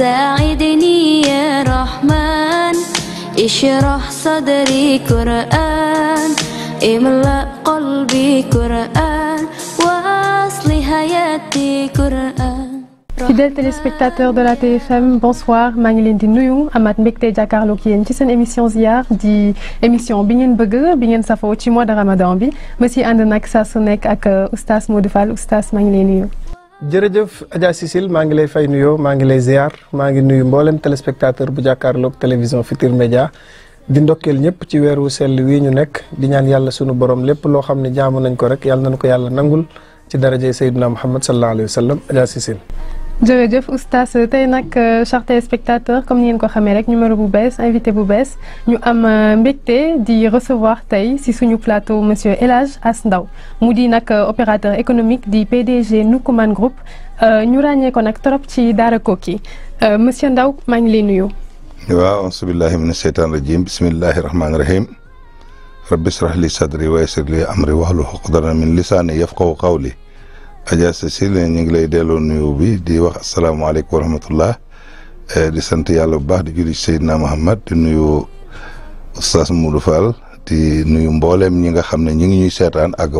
ساعدني يا رحمن اشرح صدري قرآن املأ قلبي قرآن واصل حياتي قرآن fidèles téléspectateurs de la TFM bonsoir maa ngi leen di nuyu amaat mbégte jàkkaarloo ak yéen ci seen émission ziar di émission bi ngeen bëgg bi ngeen safoo ci mois de ramadan bi ma si ànd nag sa su nekk ak euh, oustaz Modou Fall oustaz ngi leen nuyu jërëjëf Adja Cécile maa ngi lay fay nuyoo maa ngi lay ziar maa ngi nuyu mboolem téléspectateur bu jàkkaarloog télévision fitir Média di ndokkeel ñëpp ci weeru sell wii ñu nekk di ñaan yàlla sunu borom lépp loo xam ne jaamu nañ ko rek yàlla nañ ko yàlla nangul ci darajay Seydina Muhammad sallallahu alayhi wa sallam Adja Cécile jërëjëf oustaz tey nag euh, chers téléspectateurs comme ni ngeen ko xamee rek numéro bu bees invité bu bees ñu am euh, mbégte di recevoir tey si suñu plateau monsieur El as Ass Ndao mu di nag euh, opérateur économique di PDG Nukuman Group ñu ràññee ko nag trop ci Daara Koki monsieur Ndao maa ngi lay nuyu. waaw asubillahi min asheytaan rajim bismillahi rahmaani rahim rabbi israh li sadri wa yassir li amri wahlul uqdatan min lisaani yafqahu qawli Adja Cécile ñu ngi lay delloo nuyu bi di wax asalaamaaleykum wa rahmatullah eh, di sant yàlla bu baax di julli Seydina Muhammad di nuyu Oustaz Modou Fall di nuyu mboolem ñi nga xam ne ñi ngi ñuy seetaan ak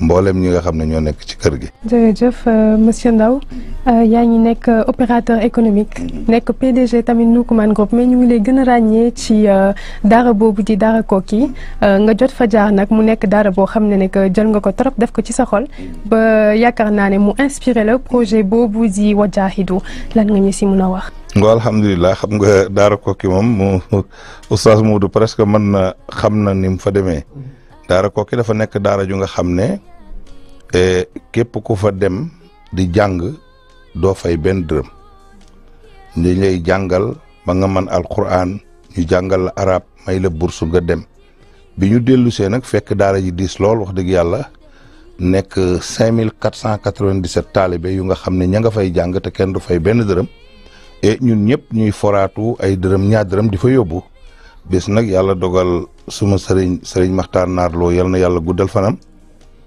mboolem ñi nga xam ne ñoo nekk ci kër gi. jërëjëf euh, monsieur Ndao euh, yaa ñi nekk euh, opérateur économique nekk PDG tamit Noukoumane Group mais ñu ngi lay gën a ràññee ci daara boobu di daara Koki nga jot fa jaar nag mu nekk daara boo xam ne ne que jël nga ko trop def ko ci sa xol ba yaakaar naa ne mu inspiré la projet boobu di Wadjahidu lan nga ñu si mun a wax. nga alhamdulilah xam nga daara kokki moom mu oustaz Moodu presque man na xam na ni mu fa demee daara koki dafa nekk daara ju nga xam ne e, képp ku fa dem di jàng doo fay benn dërëm dañ lay jàngal ba nga man mën alquran ñu jàngal la arab may la bourse ga dem bi ñu dellu see nag fekk daara ji diis lool wax dëgg yàlla nekk cinq mille quatre cent quatre vingt dix yu nga xam ne ña nga fay jàng te kenn du fay benn dërëm et ñun ñëpp ñuy foraatu ay dërëm ñaar dërëm di fa yóbbu bés nag yàlla dogal suma sëriñ sëriñ maxtaar naarloo yal na yàlla guddal fanam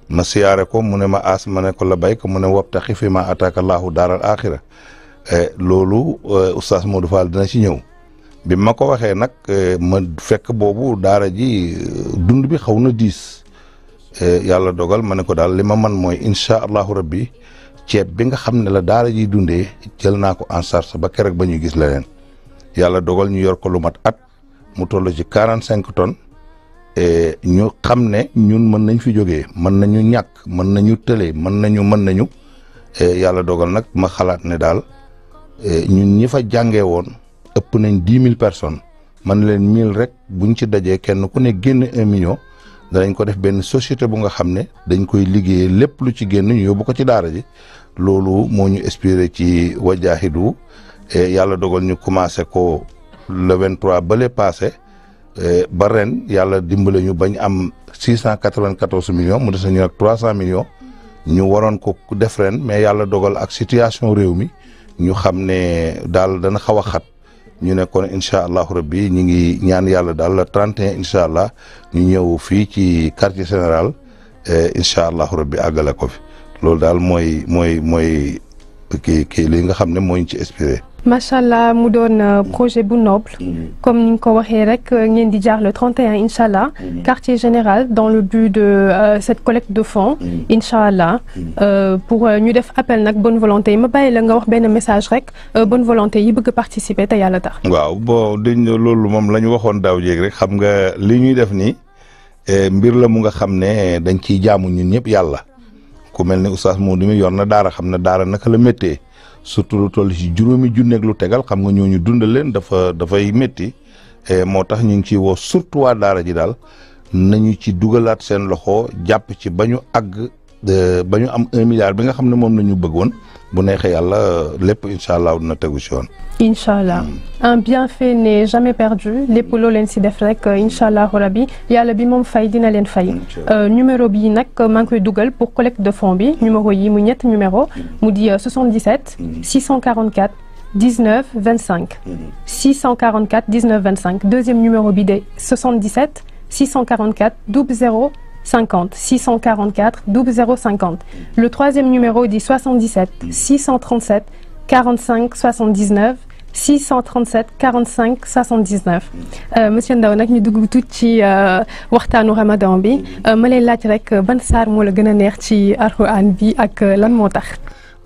ma ko mu ne ma aas ma ne ko la bay ko mu ne wabtaxi fi ma ataaka laahu daaral axira e loolu e, oustaz Modou Fall dina si ñëw bi ma ko waxee nag e, ma fekk boobu daara ji dund bi xaw na diis yàlla dogal ma ne ko daal li ma man mooy incha allahu rabbi ceeb bi nga xam ne la daara ji dundee jël naa ko en charge ba kerek ba ñu gis la leen yàlla dogal ñu yor ko lu mat at mu toll ci quarante cinq tonnes ñu xam ne ñun mën nañ fi jógee mën nañu ñàkk mën nañu tële mën nañu mën nañu yàlla dogal nag ma xalaat ne daal ñun ñi fa jàngee woon ëpp nañ dix mille personnes man leen mille rek buñ ci dajee kenn ku ne génn un million danañ ko def benn société bu nga xam ne dañ koy liggéeyee lépp lu ci génn ñu yóbbu ko ci daara ji loolu moo ñu inspiré ci wajaahidu yàlla dogal ñu commencé ko le 23 bële passé ba ren yàlla dimbale ñu bañ am 694 millions mu des ñu trois 300 millions ñu waroon ko def ren mais yàlla dogal ak situation réew mi ñu xam ne daal dana xaw a xat ñu ne kon incha allahu rabbi ñu ngi ñaan yàlla daal le 31 incha allah ñu ñëw fii ci quartier général incha allahu rabbi àggale ko fi. loolu daal mooy mooy mooy kii kii li nga xam ne moo ci inspiré. macha allah mu doon euh, projet bu noble. Mm-hmm. comme ni nga ko waxee rek ngeen di jaar le 31 incha allah. Mm-hmm. quartier général dans le but de euh, cette collecte de fonds. Mm-hmm. incha allah euh, pour ñu def appel nag bonne volonté ma bàyyi la nga wax benn message rek bonne volonté yi bëgg a participer te yàlla tax. waaw bon loolu moom la ñu waxoon daaw jéeg rek xam nga li ñuy def nii eh, mbir la mu nga xam ne dañ ciy jaamu ñun ñëpp yàlla. ku mel ne moom Modou mi yor na daara xam na daara naka la méttee surtout lu toll ci juróomi junneeg lu tegal xam nga ñooñu dundal leen dafa dafay métti e, moo tax ñu ngi ciy woo surtout waa daara ji daal nañu ci dugalaat seen loxo jàpp ci ba ñu àgg ba ñu am un milliard bi nga xam ne moom la ñu bëggoon bu ne neexee yàlla lépp incha allah dina tegu si yoon. incha allah hmm. un bienfait n'est jamais perdu lépp loo leen si def rek incha allah rabi yàlla bi moom fay dina leen fay. Euh, numéro bii nag maa ngi koy dugal pour collecte de fond bi numéro yi mu ñett numéro hmm. mu di 77. 644. 19 25. 644 19 25 deuxième numéro bi de 77 644 00. 50 644 0050. Le troisième numéro dit 77 637 45 79 637 45 79. monsieur Ndao nag ñu dugg tuuti ci euh, waxtaanu Ramadan bi euh, ma lay laaj rek ban saar moo la gën a neex ci alquran bi ak euh, lan moo tax.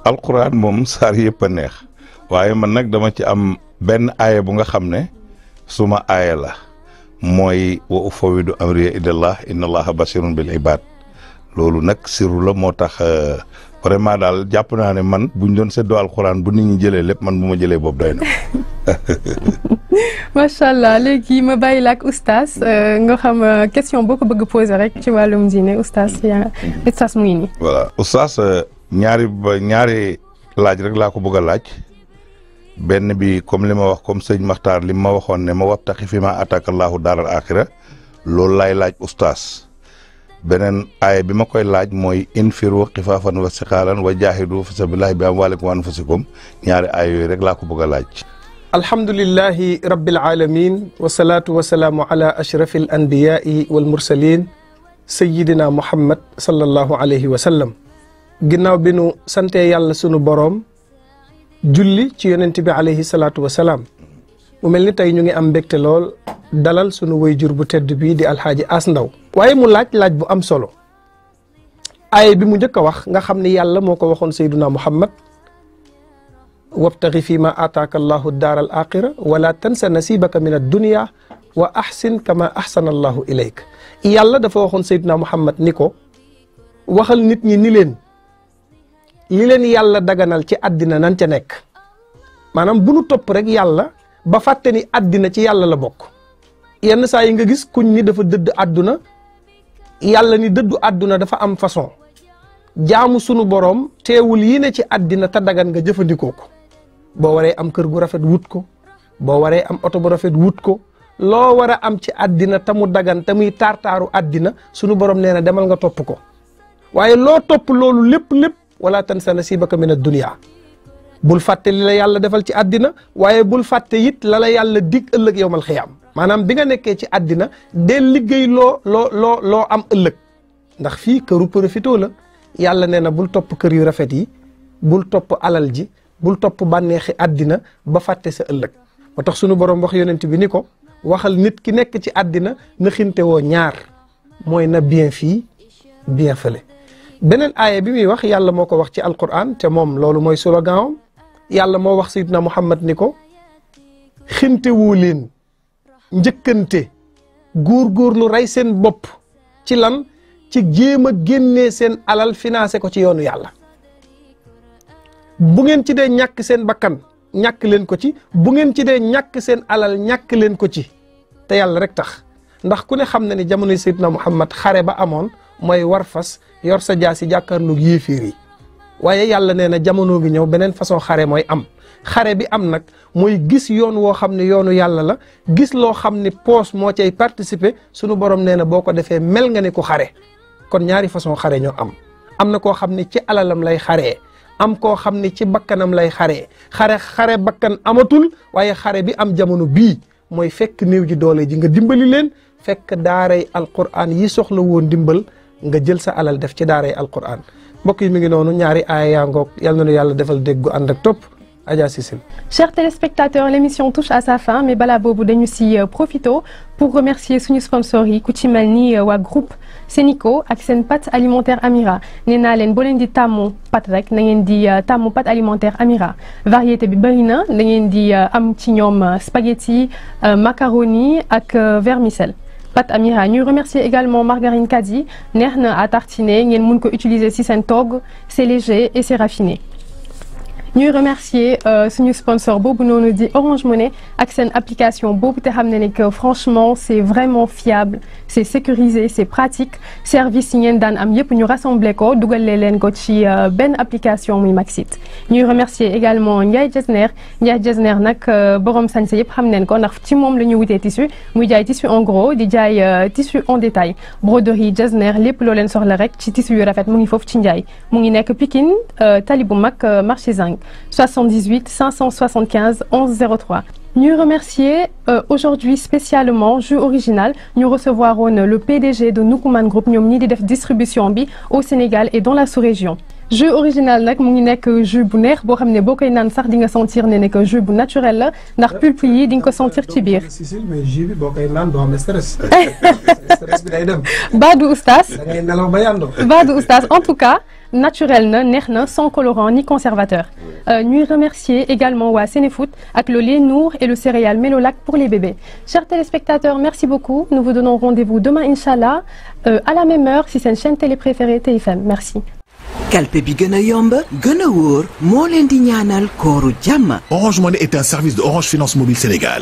alquran moom saar yëpp a neex waaye man nag dama ci am benn aaya bu nga xam ne suma aaya la. mooy wa ufawidu amriya ilallah inna allaha basirun bil ibad loolu nag siru moo tax euh, vraiment daal jàpp naa ne man bu buñ doon seddoo alxuraan bu nit ñi jëlee lépp man bu ma jëlee boobu doy na. macha allah léegi ma bàyyi la ak oustaz euh, nga xam euh, question boo ko bëgg poser rek ci wàllum diine oustaz yaa oustaz voilà oustaz ñaari laaj rek laa ko bëgg a laaj. benn bi comme li ma wax comme sëñ Maxtaar li ma waxoon ne ma wabtaqi fi ma ataka allahu daaral axira loolu laay laaj ustaas beneen aaya bi ma koy laaj mooy infiru xifaafan wa siqaalan wa fi sabilillahi bi amwaalikum wa anfusikum ñaari aaya rek laa ko bëgg a laaj alhamdulillahi rabbil alamin wasalaatu wasalaamu ala ashrafi al anbiyai ginnaaw bi sante yàlla sunu boroom julli ci yonent bi alayhi salaatu wa salaam mu mel ni tey ñu ngi am mbégte lool dalal sunu jur bu tedd bii di alhaaji As Ndaw waaye mu laaj laaj bu am solo ay bi mu njëkk a wax nga xam ni yàlla moo ko waxoon sayduna muhammad wabtaxi fi ma ataaka allahu daar al axira wala tansa nasibaka min addunia wa ahsin kama ahsana allahu ilayk yàlla dafa waxoon sayduna muhammad ni ko waxal nit ñi ni leen li leen yàlla daganal ci àddina nan ca nekk maanaam bu nu topp rek yàlla ba fàtte ni àddina ci yàlla la bokk yenn saa yi nga gis kuñ ni dafa dëdd àdduna yàlla ni dëddu àdduna dafa am façon jaamu sunu borom teewul yi ne ci addina ta dagan nga jëfandikoo ko boo waree am kër gu rafet wut ko boo waree am oto bu rafet wut ko loo war a am ci àddina te mu dagan te taar taaru àddina sunu borom nee na demal nga topp ko waaye loo topp loolu lépp lépp wala tansa nasibaka min ad-dunya bul fàtte la yàlla defal ci àddina waaye bul fàtte it la yàlla dig ëllëg yowmal xiyaam maanaam bi nga nekkee ci àddina dee liggéey loo loo loo loo am ëllëg ndax fii këru profito la yàlla nee na bul topp kër yu rafet yi bul topp alal ji bul topp bànneexi àddina ba fàtte sa ëllëg moo tax sunu borom wax yonent bi ni ko waxal nit ki nekk ci àddina na xinte woo ñaar mooy na bien fii bien fële beneen aaya bi muy wax yàlla moo ko wax ci alquran te moom loolu mooy slogan am yàlla moo wax sayidna muhammad ni ko xintewu leen njëkkante góorgóorlu rey seen bopp ci lan ci jéem a génnee seen alal financé ko ci yoonu yàlla bu ngeen ci dee ñàkk seen bakkan ñàkk leen ko ci bu ngeen ci dee ñàkk seen alal ñàkk leen ko ci te yàlla rek tax ndax ku ne xam na ni jamonoy sayidna muhammad xare ba amoon mooy war fas yor sa jaa si jàkkaarloog yéeféer yi waaye yàlla nee na jamono bi ñëw beneen façon xare mooy am xare bi am nag mooy gis yoon woo xam ne yoonu yàlla la gis loo xam ne poos moo cay participer sunu borom nee na boo ko defee mel nga ni ku xare kon ñaari façon xare ñoo am am na koo xam ne ci alalam lay xaree am koo xam ne ci bakkanam lay xare xare xare bakkan amatul waaye xare bi am jamono bii mooy fekk néew ji doole ji nga dimbali leen fekk daaray alquran yi soxla woon dimbal nga jël sa alal def ci daaray alquran mbokk yi mi ngi noonu ñaari aaya yaa ngoog yal na nu yàlla defal déggu ànd ak topp Adja Cissé. Chers téléspectateurs l'émission touche à sa fin mais balaa boobu dañu si euh, profito pour remercier suñu sponsors yi ku ci mel ni euh, waa groupe Senico ak seen pâte alimentaire Amira nee naa leen boo leen di tàmmu pat rek na ngeen di euh, tàmmu pat alimentaire Amira variété bi bëri na da ngeen di am ci ñoom spaghetti macaroni ak vermicelle. Pat Amira ñuy remercier également margarine Kadi neex na à tartiner ngeen mun ko utiliser si seen togg c'est léger et c'est raffiné. ñuy remercier euh, suñu sponsor boobu noonu di Orange Money ak seen application boobu te xam ne ne que franchement c'est vraiment fiable. c'est sécurisé c'est pratique service yi ngeen daan am yëpp ñu rassemblé ko dugalee leen ko ci euh, benn application muy Maxit ñuy remercier également Ndiaye Jesner Ndiaye Jesner nag euh, borom sañse yëpp xam neen ko ndax ci moom la ñu wutee tissu muy jaay tissu en gros di jaay euh, tissu en détail broderie Jesner lépp loo leen soxla rek ci tissu yu rafet mu ngi foofu ci Ndiaye mu ngi nekk Pikine tali bu mag marché Zinc 78 575 11 03 ñuy remercier euh, aujourd'hui spécialement jus original ñu recevoir woon euh, le PDG de Nukuman Group ñoom ñii di def distribution bi au Sénégal et dans la sous-région jus original nag mu ngi nekk jus bu neex boo xam ne boo koy naan sax di nga sentir ne nekk jus bu naturel la ndax pulpe di nga ko sentir ci biir. mais jus bi boo koy naan doo ba yàndoo. Badou en tout cas. naturel na neex na sans colorant ni conservateur euh, ñuy remercier également waa Sénéfoot ak le lait Nour et le céréal Mélolac pour les bébés chers téléspectateurs merci beaucoup nous vous donnons rendez-vous demain inchallah euh, à la même heure si seen chaîne télé préférée TFM merci kalpe bi gën a yomb gën a wóor moo leen di ñaanal kooru jàmm Orange Money est un service de Orange Finance Mobile Sénégal